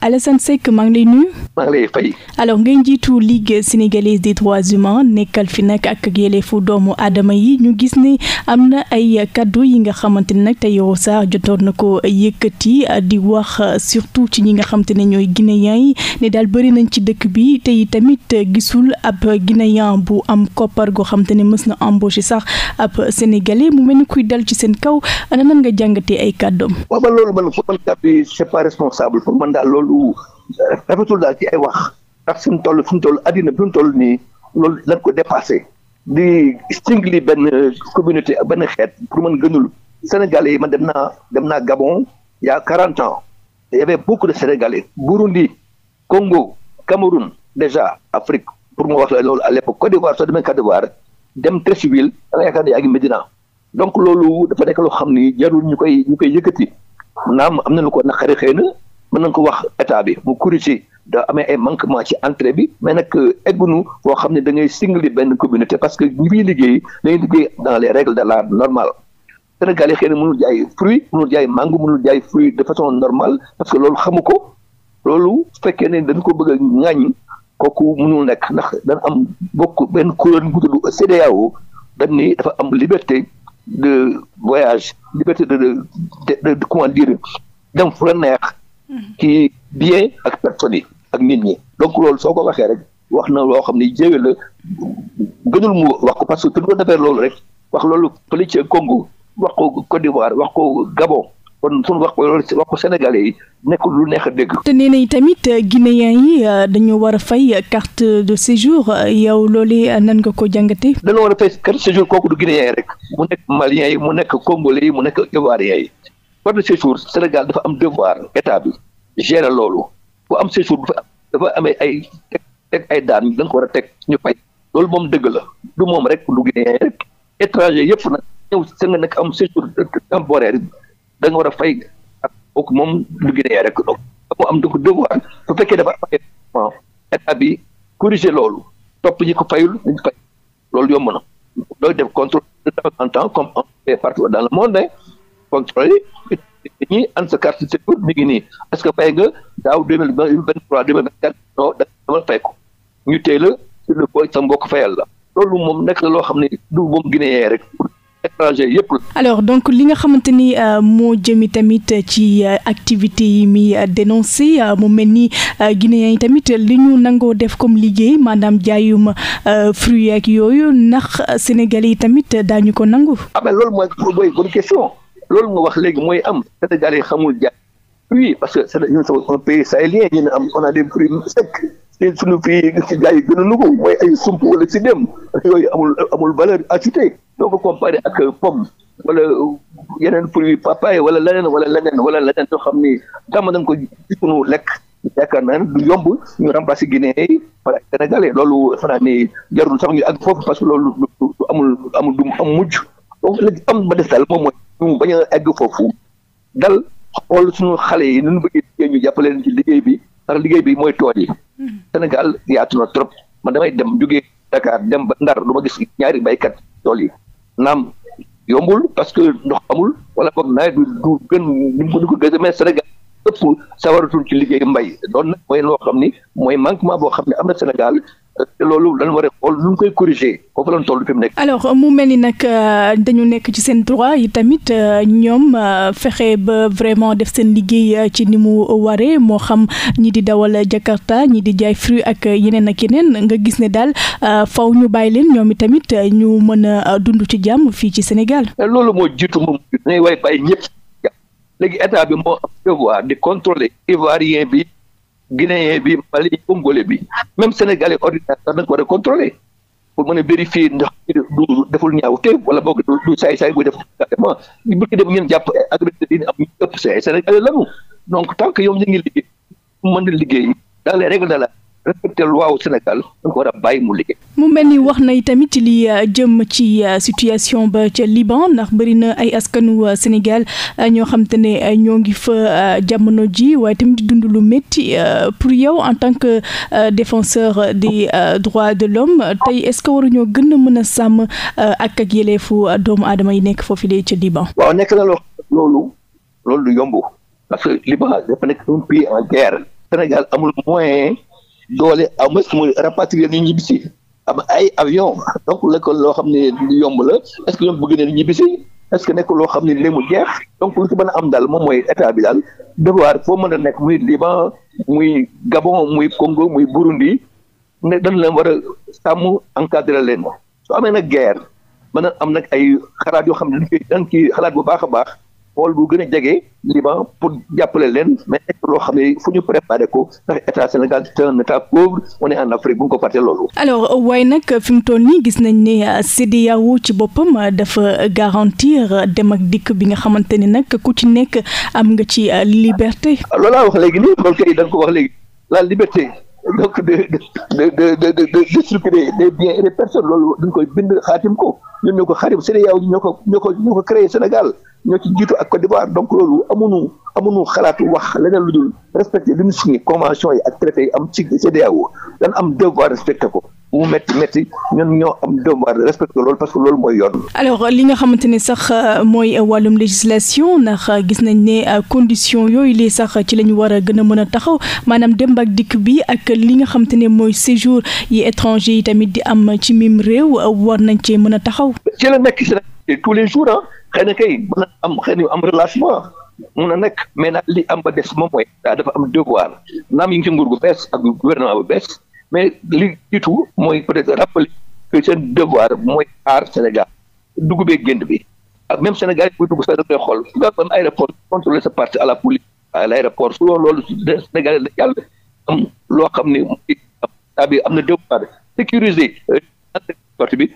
Alassane Seck maa ngi lay nuyu. maa ngay njiitu Ligue sénégalaise de droits nekkal fi nag ak fu doomu aadama yi ñu gis ni am na ay kaddu yi nga xamante ne nag Tahirou Sarr jotoon na ko yëkkati euh, di wax euh, surtout ci ñi nga xamante ne ñooy guinéen yi ne daal bëri nañ ci dëkk bi te tamit euh, gisul ab guinéen bu am koppar goo xamante ne mës na embauché sax ab sénégalais mu mel ni kuy dal ci seen kaw ana nan nga jàngatee ay kàddoom. loolu man man kàddu yi c'est daal loolu loolu rafetul daal ci ay wax ak suñ toll suñ toll addina bi mu toll nii loolu lañ ko dépassé di singli benn communauté benn xeet pour mën gënul Sénégalais yi man dem na dem naa Gabon il y a quarante ans il y avait beaucoup de Sénégalais Burundi Congo Cameroun déjà Afrique pour mu wax la loolu à l'époque Côte d'Ivoire soo demee Côte d'Ivoire dem Treichville da nga yaakaar ne yaa ngi Médina donc loolu dafa nekk loo xam ni jarul ñu koy ñu koy yëkkati naam am na lu ko naqari xëy na mën nañ ko wax état bi mu corriger da amee ay manquement ci entrée bi mais nag euh, eggunu foo xam ne da ngay singli benn communauté parce que ñu ngi liggéey dañuy liggéey dans les règles de l'art normal Sénégal yi xëy na mënul jaay fruit mënul jaay mango mënul jaay fruit de façon normale parce que loolu xamu ko loolu fekkee ne dañ ko bëgg a ŋàññ kooku mënul nekk ndax dana am bokk benn kuréel gu tudd CEDEAO dañ ni dafa am liberté de voyage liberté de de de fu la neex ci bien ak personne ak nit ñi donc loolu soo ko waxee rek wax na loo xam ne jéwe la gënul mu wax ko parce que tu ko defee loolu rek wax loolu fële ca Congo wax ko Côte d'Ivoire wax ko Gabon kon suñu wax ko loolu wax ko Sénégalais yi nekk lu neex a dégg. te nee nañ tamit guinéen yi euh, dañoo war a fay carte de séjour euh, yow loolu euh, nan nga ko jàngatee. dañoo war a fay carte de séjour kooku du guinéen rek mu nekk malien yi mu nekk congolais yi mu nekk ivoirien yi code de séjour Sénégal dafa am devoir état bi gérer loolu bu am fa am dafa amee ay ay daan da nga war a teg ñu fay loolu moom dëgg la du moom rek du Guinéen rek étranger yëpp nag ñëw sa nga nekk am séjour temporaire da nga war a fay ak kooku moom du Guinéen rek donc am da ko devoir bu fekkee dafa am état bi corriger loolu topp ñu ko fayul dañu fay loolu yomb na looy def contrôle de temps en temps comme on fait partout dans le monde contrôlé ñi an sa carte sécurité mi ngi nii est que fay nga daaw deux mille vingt trois deux mille vingt quatre non da nga fay ko ñu tey la sur le point sa mbokk loo xam ne du moom Guinéen rek donc li nga xamante ni euh, moo jëmi tamit euh, ci euh, activité yi mi dénoncé mu mel ni Guinéens yi tamit li ñu nangoo def comme liggéey maanaam jaayum fruits ak yooyu ndax Sénégalais yi tamit daañu ko nangu. ah loolu nga wax léegi mooy am Sénégal yi xamul ja oui parce que c'est un pays sahélien ñu ne am on a des fruits secs te suñu pays si gars yi gën mooy ay sump wala si dem yooyu amul amul valeur ajoutée doo ko comparé ak pomme wala yeneen fruits papaye wala leneen wala leneen wala leneen yoo xam ni dama nañ ko suñu lekk yaakaar naa ne du yomb ñu remplacer Guinée yi par loolu defe naa ni jarul sax ak foofu parce que loolu amul amul du am mujj donc léegi am ba des daal moom mooy. ñu bañ a egg foofu dal xool suñu xale yi nu ñu bëggee liggéey ñu jàppale leen ci liggéey bi ndax liggéey bi mooy tool yi. Mm-hmm. Sénégal yaatu na trop ma damay dem jógee Dakar dem ba Ndar lu ma gis ñaari baykat tool yi naam yombul parce que ndox amul wala boog nawet bi du gën ni ko gëstoo mais Sénégal ëpp sawaratul ci liggéey mbay doon nag mooy loo xam ni mooy manquement boo xam ne am na Sénégal loolu dañu war a xool nu koy corriger foofu lañu toll fi mu nekk. alors mu mel ni nag euh, dañu nekk ci seen droit yi tamit euh, ñoom euh, fexe ba vraiment def seen liggéey ci ni mu waree moo xam ñi di dawal Jakarta ñi di jaay fruit ak yeneen ak yeneen nga gis ne daal faw ñu bàyyi leen ñoom itamit ñu mën a dund ci jàmm fii ci Sénégal. loolu moo jiitu moom dañuy war ñëpp léegi état bi moo am devoir di contrôler ivoirien bi. guinéen bi mali congolais bi même sénégalais ordinaire sax nag war a contrôler pour mën a vérifier ndax du deful ñaaw te wala boog du saay-saay buy def carrément bëgg dem ngeen jàpp agressé dina am ñu ëpp sénégalais lanu donc tant que yow ñu ngi liggéey mën na liggéey dans les règles de la respecté loi wu Sénégal mu mel ni wax nay tamit li euh, jëm ci euh, situation ba ca Liban ndax bëri na ay askanu euh, Sénégal ñoo xam te ne ñoo ngi fa jamono ji waaye tamit dund lu métti pour yow en tant que défenseur des droits de l'homme tey est-ce que waruñoo gën a mën a sàmm ak ak yeleefu doomu aadama yi nekk foofu lee ca Liban. waaw nekk nekk un pays en guerre Sénégal amul moyen. doole à moins que mu rapatrier ñu ñibbisi am ay avion donc lëkkal loo xam ne lu yomb la est-ce que ñoom bëgg nañu ñibbisi est-ce que nekk loo xam ne léegi mu jeex donc lu ci mën a am daal moom mooy état bi daal devoir foo mën a nekk muy Liban muy Gabon muy kongo muy Burundi ne dañ leen war a sàmm encadrer leen soo amee nag guerre mën a am nag ay xalaat yoo xam ne lu dañ ciy xalaat bu baax a baax. xool bu a jege Liban pour jàppale leen mais loo xam ne fu ñu préparé ko loolu. waaye nag fi mu toll nii gis nañ ne euh, CEDEAO ci boppam euh, dafa garantir euh, dem ak dikk bi nga xamante ni nag ku ci nekk am nga ci liberté. Ah, loolaa wax léegi nii loolu kay dañ ko wax léegi la liberté. donc de de de de déstructurer les biens et les personnes loolu dañ koy bind xaatim ko ñun ñoo ko xaatim CEDEAO ñoo ko ñoo ko ñoo ko créé Sénégal ñoo ci jiitu ak Côte d'Ivoire donc loolu amuñu amuñu xalaatu wax leneen lu dul respecter li ñu signé convention yi ak traité yi am ci CEDEAO dañ am devoir respecté ko. mu métti métti ñun ñoo am devoir de respecter loolu parce que loolu mooy yoon. alors li nga xamante ne sax euh, mooy wàllum législation ndax euh, gis nañ ne euh, condition yooyu lii sax ci la ñu war a gën a mën a taxaw maanaam dem ak dikk bi ak li nga xamante ne mooy séjour yi étranger yi tamit di am ci mim réew war nañ cee mën a taxaw. ci la nekk si tous les jours ah xëy na kay mën a am xëy na am relation mun a nekk mais nag li am ba des moom mooy dafa am devoir naam yi ngi ci nguur gu ak gouvernement bu bees. mais li jiitu mooy peut-être rappeler que seen devoir mooy aar Sénégal dugubee génn bi ak même Sénégal buy dugg sax da koy xool su am aéroport contrôler sa partie à la police à l' aéroport su loolu loolu Sénégal yàlla am loo xam ne am na devoir sécuriser euh, parti bi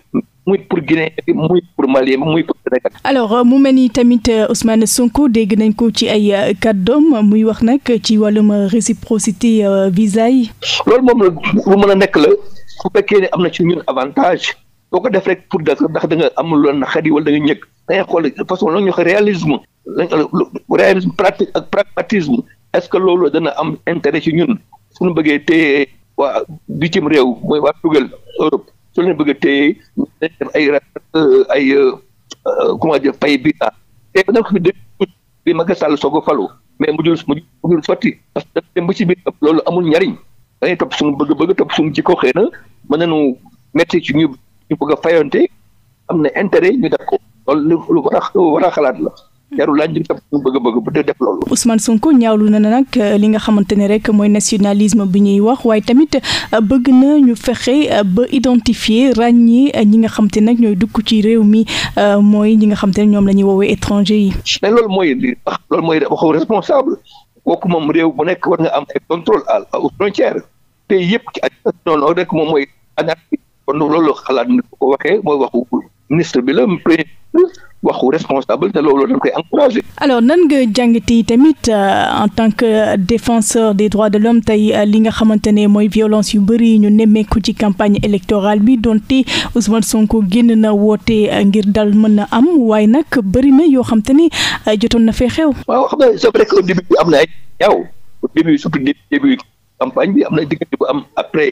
muy pour Guinée bi muy pour Mali bi muy pour Sénégal. alors euh, mu mel ni tamit euh, Ousmane Sonko dégg nañ ko ci ay euh, kàddoom muy wax nag ci wàllum réciprocité visa yi. loolu moom la lu mën a nekk la su fekkee ne am na ci ñun avantage boo ko def rek pour dara ndax da nga am lu na xarit wala da nga ñëkk da ngay xool façon la ñu wax réalisme réalisme pratique ak pragmatisme est-ce que loolu dana am intérêt ci ñun suñu bëggee téye waa bitim réew mooy waa Tugal Europe. su leen bëgg a téye def ay euh, ay euh, euh, comment dire bi ah te ba nga xam ne Macky Sall soog a falu mais mujjul mujjul sotti parce que bi ba loolu amul njariñ da ngay topp suñu bëgg-bëgg topp suñu jikko xëy na mën nañu métti ci ñu ñu bëgg a fayonte am na intérêt ñu def ko loolu lu war xalaat la. jarul laaj li nga bëgg-bëgg te def loolu. Ousmane Sonko ñaawlu na nag euh, li nga xamante ne rek mooy nationalisme bi ñuy wax waaye tamit euh, bëgg na ñu fexe euh, ba identifier ràññee ñi nga xamante ne nag ñooy dukk ci réew mi mooy ñi nga xamante ne ñoom lañuy ñuy woowee étranger yi. mais loolu mooy li wax loolu mooy waxu responsable kooku moom réew bu nekk war nga am ay contrôle a aux frontières pays yëpp ci àddina noonu rek moom mooy kon loolu xalaat ni ko waxee mooy waxu ministre bi la premier waxu responsable te loolu dañ koy encouragé. alors nan nga jàngati tamit euh, en tant que défenseur des droits de l'homme tey euh, li nga xamante ne mooy violence yu bëri ñu nemmeeku ci campagne électorale bi donte Ousmane Sonko génn na woote euh, ngir dal mën na am waaye nag bëri na yoo xam ni jotoon na fee xew. ay ñaaw na diggante bu am après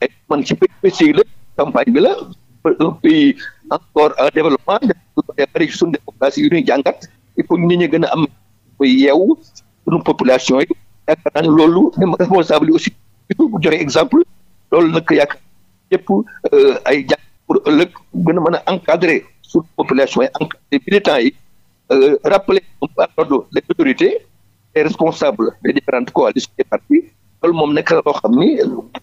ak man ci pays la campagne bi la un pays encore en développement dafa bëri suñu démocratie yu ñuy il faut nit ñi gën a am koy yeew suñu population yi yaakaar naa ne loolu même responsable aussi bu joxe exemple loolu nag yaakaar yëpp ay jàng pour ëllëg gën a mën a encadrer suñu population yi encadrer militants yi rappeler les autorités et responsables des différentes coalitions des partis loolu moom nekk na loo xam ni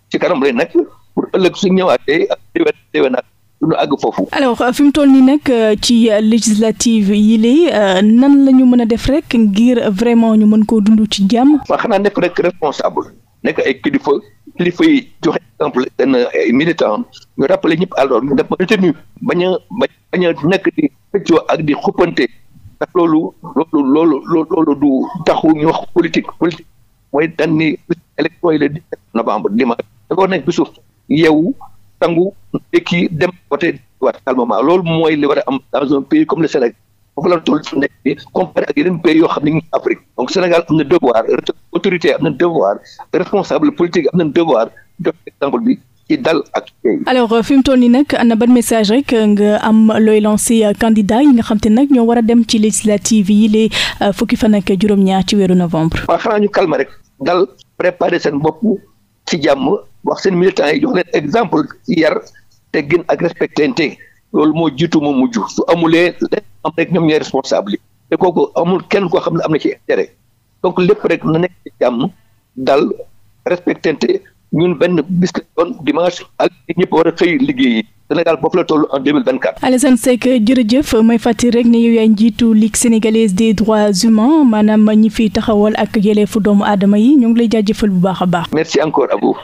ci kanam lay nekk pour ëllëg su ñëwaatee ak déwén déwénaat du àgg foofu. alors fi mu toll nii nag euh, ci législative yi lii euh, nan la ñu mën a def rek ngir vraiment ñu mën koo dund ci jàmm. waaw xanaa nekk rek responsable nekk ay kilifa kilifa yi joxe exemple seen ay militant ñu rappelé ñëpp alors ñu def retenu bañ a bañ a nekk di xëccoo ak di xuppante ndax loolu loolu loolu loolu du taxu ñu wax politique politique. mooy dañ ni élection yi le 17 novembre dimanche dafa nekk bisu yeewu sangu dëkki dem voté waat calmement loolu mooy li war a am dans un pays comme le Sénégal foofu la toll su nekk bi comparé ak pays yoo xam ne ñu Afrique donc Sénégal am na devoir autorité am na devoir responsable politique am na devoir joxe exemple bi ci dal ak tey. alors euh, fi mu toll nii nag ana ban message rek nga am looy lancé euh, candidat yi nga xam te nag ñoo war a dem ci législative yi les euh, fukki fa ak juróom-ñaar ci weeru novembre. waaw xanaa ñu calme rek dal préparer seen bopp ci jàmm wax seen militants yi jox leen exemple ci yar te gën ak respectante loolu moo jiitu moo mujj su amulee am rek ñoom ñooy responsable yi te kooku amul kenn koo xam ne am na ci intérêt donc lépp rek na nekk ci jàmm dal respectante. ñun benn bis doon dimanche ak ñëpp war a xëy liggéey Sénégal foofu la toll en 2024. Alassane Seck jërëjëf may fàttali rek ne yow yaay njiitu Ligue sénégalaise des droits humains maanaam ñi fi taxawal ak yelleefu doomu aadama yi ñoo ngi lay jaajëfal bu baax a baax. merci encore à vous.